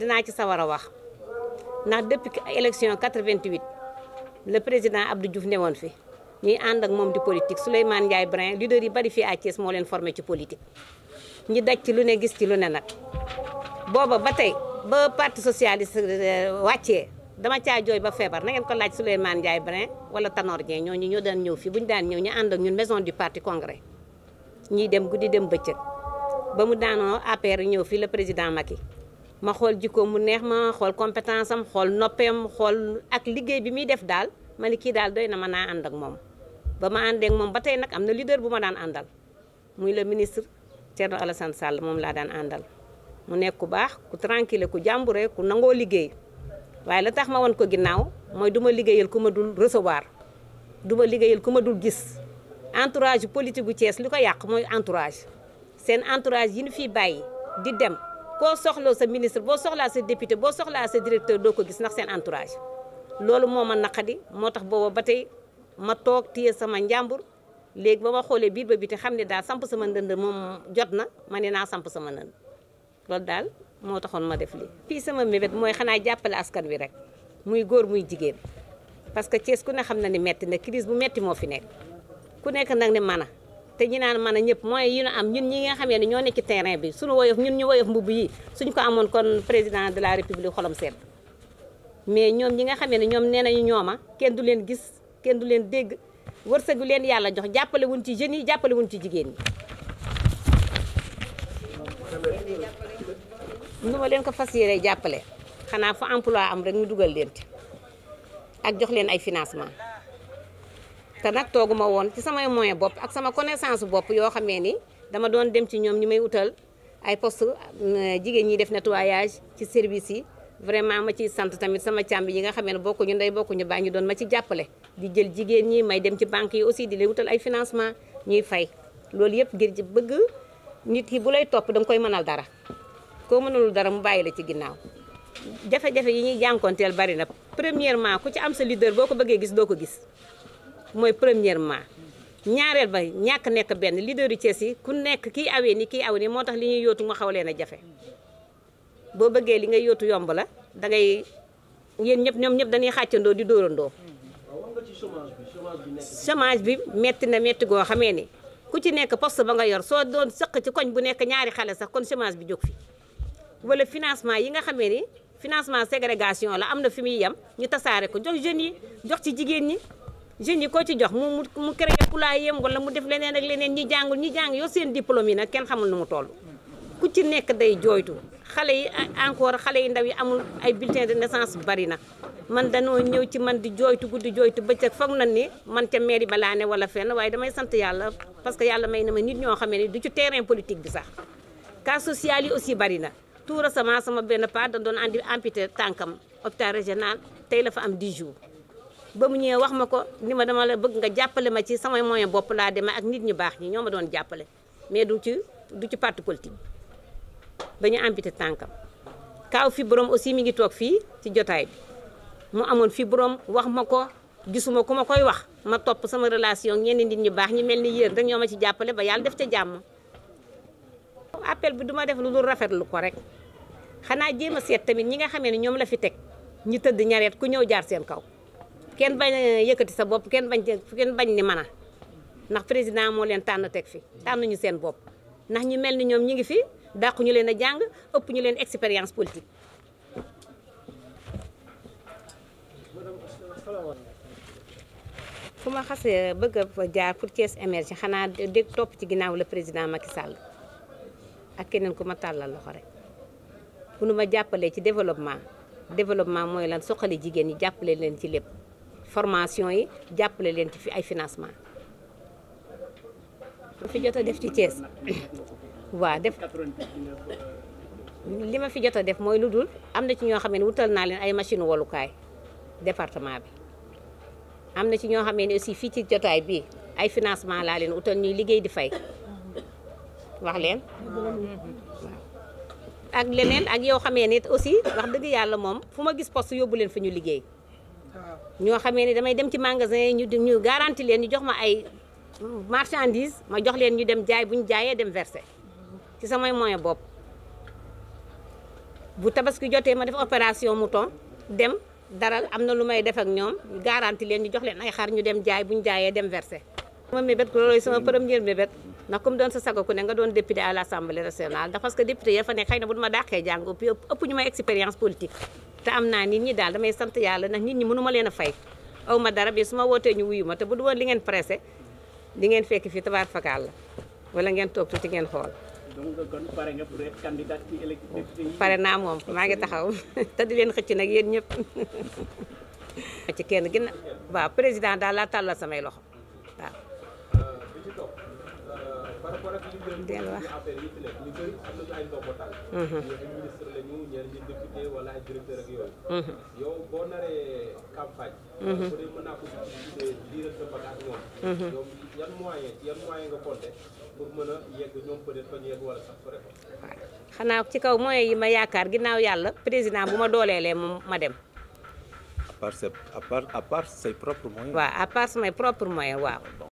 dinaa ci sawar a wax ndax depuis élection 88 le président Abdou Diouf newoon fi ñuy ànd ak moom di politique Souleymane Ndiaye Brin leader yi bari fii à Thiès moo leen formé ci politique. ñi daj ci lu ne gis ci lu ne nag booba ba tey ba parti socialiste euh, wàccee dama caa jooy ba feebar na ngeen ko laaj Souleymane Ndiaye Brin wala Tanor Dieng ñooñu ñoo daan ñëw fii bu ñu daan ñëw ñu ànd ak ñun maison du parti congrès ñiy dem guddi dem bëccëg ba mu daanoo APR ñëw fii le président Macky. ma xool jikko mu neex ma xool compétence am xool noppeem xool ak liggéey bi muy def daal ma ni kii daal doy na ma naa ànd ak moom ba ma àndee moom ba tey nag am na leader bu ma daan àndal muy le ministre Thierno Alassane Sall moom laa daan àndal mu nekk ku baax ku tranquille ku jàmbure ku nangoo liggéey waaye la tax ma won ko ginnaaw mooy du ma liggéeyal ku ma dul recevoir du ma liggéeyal ku ma dul gis entourage politique bu Thiès li ko yàq mooy entourage seen entourage yi nu fiy bàyyi di dem koo soxloo sa ministre boo soxlaa sa député boo soxlaa sa directeur doo ko gis ndax seen entourage loolu moo ma naqadi moo tax booba ba tey ma toog téye sama njàmbur léegi ba ma xoolee biir ba bi te xam ne daal samp sama ndënd moom jot na ma ne naa samp sama ndënd loolu daal moo taxoon ma def lii. fii sama mébét mooy xanaa jàppale askan wi rek muy góor muy jigéen parce que Thiès ku ne xam na ni metti na kilis bu metti moo fi nekk ku nekk nag ne mana te ñi naan man a ñëpp mooy yi ñu am ñun ñi nga xamee ne ñoo nekk ci bi suñu woyof ñun ñu woyof mbubb yi suñ ko amoon kon président de la république xolam seet mais ñoom ñi nga xamee ne ñoom nee nañu ñooma kenn du leen gis kenn du leen dégg wërsëgu leen yàlla jox jàppale wuñ ci jeunes yi jàppale ci jigéen ñi nu leen ko fas yéene jàppale xanaa fa emploi am rek ñu dugal leen ci ak jox leen ay financement te nag tooguma woon ci samay moyen bopp ak sama connaissance bopp yoo xamee ni dama doon dem ci ñoom ñi may wutal ay poste euh, jigéen ñi def nettoyage ci service yi vraiment ma ciy sant tamit sama càmb yi nga xamee ne ñu ndey bokkuñu baay ñu doon ma ci jàppale di jël jigéen ñi may dem ci banque yi aussi di leen wutal ay financement ñuy fay loolu yëpp ngir ji bëgg nit ki bu lay topp danga koy mënal dara koo mënalul dara mu bàyyi la ci ginnaaw jafe-jafe yi ñuy jànkoonteel bari na premièrement ku ci am sa leader boo ko bëggee gis doo ko gis mooy premièrement ñaareel ba ñàkk nekk benn leader yu Thiès yi ku nekk kii awee ni kii awee ni moo tax li ñuy yóotu mu xaw leen a jafe boo bëggee li ngay yootu yomb la da ngay yéen ñëpp ñoom ñëpp dañuy xàccandoo di dóorandoo chômage bi metti na metti goo xamee ni ku ci nekk poste ba nga yor soo doon sëq ci koñ bu nekk ñaari xale sax kon chômage bi jóg fi wala financement yi nga xamee ni financement ségrégation la am na fi muy yem ñu tasaare ko jox jeunes yi jox ci jigéen ñi jeunes yi koo ci jox mu mu créé poulailler am wala mu def leneen ak leneen ñi jàngul ñi jàng yor seen diplôme yi nag kenn xamul nu mu toll ku ci nekk day jooytu xale yi encore xale yi ndaw yi amul ay bulletin de naissance bari na man danoo ñëw ci man di jooytu guddi jooytu bëccëg foog na ni man ca mairie ba ne wala fen waaye damay sant yàlla parce que yàlla may na ma nit ñoo xamee ne du ci terrain politique bi sax cas social yi aussi bari na tout récemment sama benn part da doon andi amputé tànkam hôpital régional tey la fa am 10 jours ba mu ñëwee wax ma ko ni ma dama la bëgg nga jàppale ma ci samay moyen bopp laa demee ak nit ñu baax ñi ñoo ma doon jàppale mais du ci du ci parti politique ba ñu amputé tànkam. kaaw fi borom aussi mi ngi toog fii ci jotaay mu amoon fi borom wax ma ko gisuma ku ma koy wax ma topp sama relation ak nit ñu baax ñi mel ni yéen rek ma ci jàppale ba yàlla def ca jàmm. appel bi duma def lu dul rafetlu ko rek xanaa jéem a seet tamit ñi nga xamee ne ñoom la fi teg ñi tëdd ñareet ku ñëw jaar seen kaw. kenn bañ yëkkati sa bopp kenn bañ kenn bañ ni mana ndax président moo leen tànn teg fi tànnuñu seen bopp ndax ñu mel ni ñoom ñi ngi fi dàqu ñu leen a jàng ëpp ñu leen expérience politique. fu ma xasee eh, bëgg a jaar pour Thiès émerger xanaa dégg topp ci ginnaaw la président Macky sàll ak keneen ku ma tàllal loxo rek bu nu ma jàppalee ci développement développement mooy lan soxali jigéen ñi jàppale leen ci lépp. formation yi jàppale leen ci fi ay financement fi jot a def ci Thiès waa def li ma fi jot a def mooy lu dul am na ci ñoo xam ne wutal naa leen ay machine wolukaay département bi am na ci ñoo xam ne aussi fii ci jotaay bii ay financement laa leen wutal ñuy liggéey di fay wax leen ak leneen ak yow xamee nit aussi wax dëgg yàlla moom fu ma gis poste yóbbu leen fi ñu liggéey ñoo xamee ne damay dem ci magasin yi ñu ñu garanti leen ñu jox ma ay marchandise ma jox leen ñu dem jaay bu ñu jaayee dem verse ci samay moyen bopp bu tabaski jotee ma def opération mouton dem daral am na lu may def ak ñu jox leen ay xar ñu dem jaay bu ñu jaayee dem verser. sama mébét loolooy sama première mébét ndax comme doon sa sago ku ne nga doon député à l' nationale ndax parce que ya fa nekk xëy na bu ma dàqee jàng ëpp ñu ma expérience politique. te am naa nit ñi daal damay sant yàlla ndax nit ñi mënu ma leen a fay aw ma dara bi su ma wootee ñu wuyu ma te bu du woon li ngeen pressé li ngeen fekk fii tabaar fakaal la wala ngeen toog tuuti ngeen xool. donc kon oh, pare naa moom maa ngi taxaw te di leen xëcc nag yéen ñëpp. ci kenn gën waaw président daal laa tàllal samay loxo waaw. Mhm. Mhm. boo naree campagne mhm. a yegg ñoom peut xanaa ci kaw moyen yi ma yaakaar ginnaaw yàlla président bu ma dooleelee moom ma dem waaw à samay propres moyens waaw